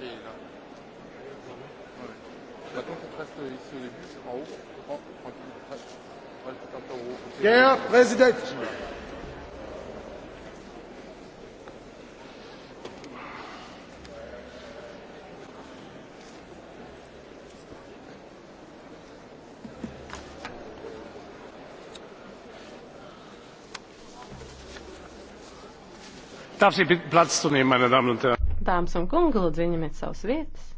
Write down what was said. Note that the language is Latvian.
et là. Ouais. Maintenant qu'on reste ici au début, en haut, on prend Herr Präsident! Darf Sie bitten, Platz zu nehmen, meine Damen und Herren? Dāmas un kungi, lūdzu, ieņemiet savas vietas.